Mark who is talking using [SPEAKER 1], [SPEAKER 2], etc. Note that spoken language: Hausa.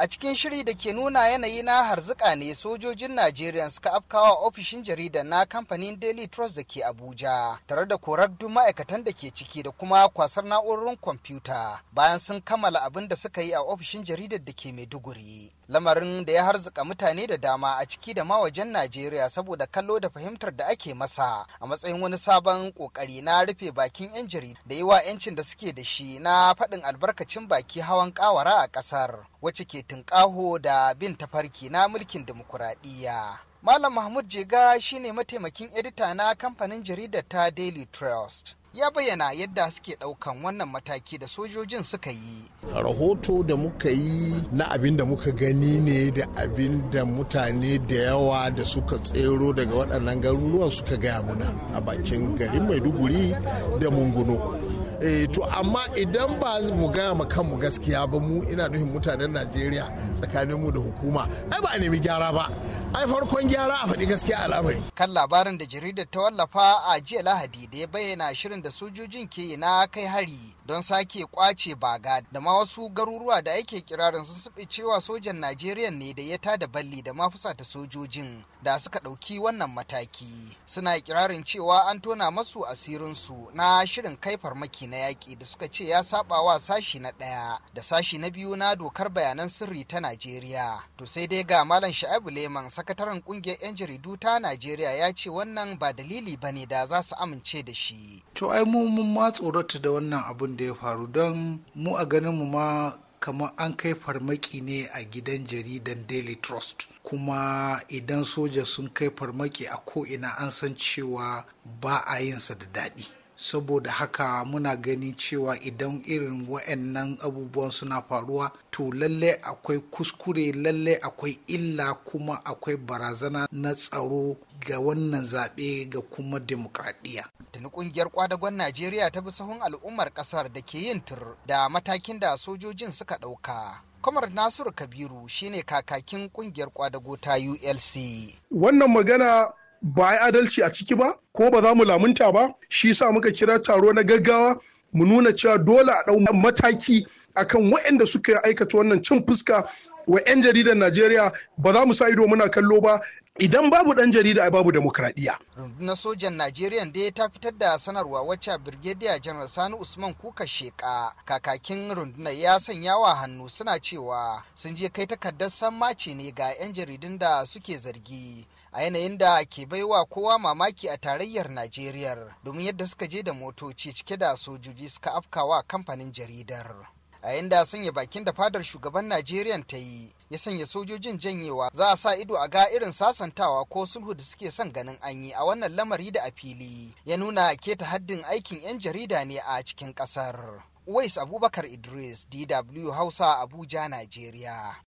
[SPEAKER 1] a cikin shiri da ke nuna yanayi na harzuka ne sojojin najeriya suka afkawa ofishin jarida na kamfanin daily trust da ke abuja tare da korar duk ma'aikatan da ke ciki da kuma kwasar na'urorin kwamfuta bayan sun kammala abin da suka yi a ofishin jaridar da ke maiduguri lamarin da ya harzuka mutane da dama a ciki da ma wajen najeriya saboda kallo da fahimtar da ake masa a matsayin wani sabon kokari na rufe bakin yan jarida da yi wa yancin da suke da shi na faɗin albarkacin baki hawan kawara a ƙasar wacce ke tunƙaho da bin tafarki na mulkin dimokuraɗiyya. Malam Mahmud Jega shine mataimakin edita na kamfanin jaridar ta Daily Trust. ya bayyana yadda suke ɗaukan wannan mataki da sojojin suka yi.
[SPEAKER 2] Rahoto da muka yi na abin da muka gani ne da abin da mutane da yawa da suka tsero daga waɗannan garuruwan suka gaya muna a bakin garin Maiduguri da Munguno. Eh, to amma idan ba mu gaya ma kanmu gaskiya ba mu ina nufin mutanen najeriya tsakanin mu da hukuma ai ba a nemi gyara ba ai farkon gyara a faɗi gaskiya al'amari.
[SPEAKER 1] Kan labarin da jaridar ta wallafa a jiya Lahadi da ya bayyana shirin da sojojin ke na kai hari don sake kwace baga da ma wasu garuruwa da ake kirarin sun sube cewa sojan Najeriya ne da ya tada balli da mafusa ta sojojin da suka ɗauki wannan mataki. Suna kirarin cewa an tona masu su na shirin kai farmaki na yaƙi da suka ce ya saba wa sashi na ɗaya da sashi na biyu na dokar bayanan sirri ta Najeriya. To sai dai ga Malam Sha'ibu Leman sakataren kungiyar 'yan jaridu ta najeriya ya ce wannan ba dalili ba ne da za su amince da shi
[SPEAKER 3] to ai mu mun ma tsorata da wannan abin da ya faru don mu a ganin mu ma kamar an kai farmaki ne a gidan jaridan daily trust kuma idan soja sun kai farmaki a ko'ina an san cewa ba a yinsa da daɗi saboda haka muna gani cewa idan irin wa'annan abubuwan suna faruwa to lalle akwai kuskure lalle akwai illa kuma akwai barazana na tsaro ga wannan zaɓe ga kuma demokradiyya.
[SPEAKER 1] Tuni ƙungiyar kwadagon Najeriya ta bi sahun al'ummar ƙasar da ke yin tur da matakin da sojojin suka ɗauka. Kamar Nasiru Kabiru shine kakakin ƙungiyar kwadago ta ULC.
[SPEAKER 4] Wannan magana ba yi adalci a ciki ba ko ba za mu lamunta ba shi sa muka kira taro na gaggawa mu nuna cewa dole a ɗau mataki akan waɗanda suka aikata wannan cin fuska wa 'yan jaridar Najeriya ba za mu sa ido muna kallo ba idan babu dan jarida babu demokradiya
[SPEAKER 1] rundunar sojan najeriya da ta fitar da sanarwa wacce birgediya janar sani usman kuka sheka kakakin rundunar ya sanya wa hannu suna cewa sun je kai takardar mace ne ga 'yan jaridun da suke zargi a yanayin da ke baiwa kowa mamaki a tarayyar najeriya domin yadda suka je da motoci cike da sojoji suka afkawa kamfanin jaridar a yanda sanya bakin da fadar shugaban najeriya ta yi ya sanya sojojin janyewa za a sa ido a ga irin sasantawa ko sulhu da suke son ganin an yi a wannan lamari da a fili ya nuna keta haddin aikin 'yan jarida ne a cikin ƙasar. Uwais Abubakar Idris, DW Hausa, Abuja, Najeriya.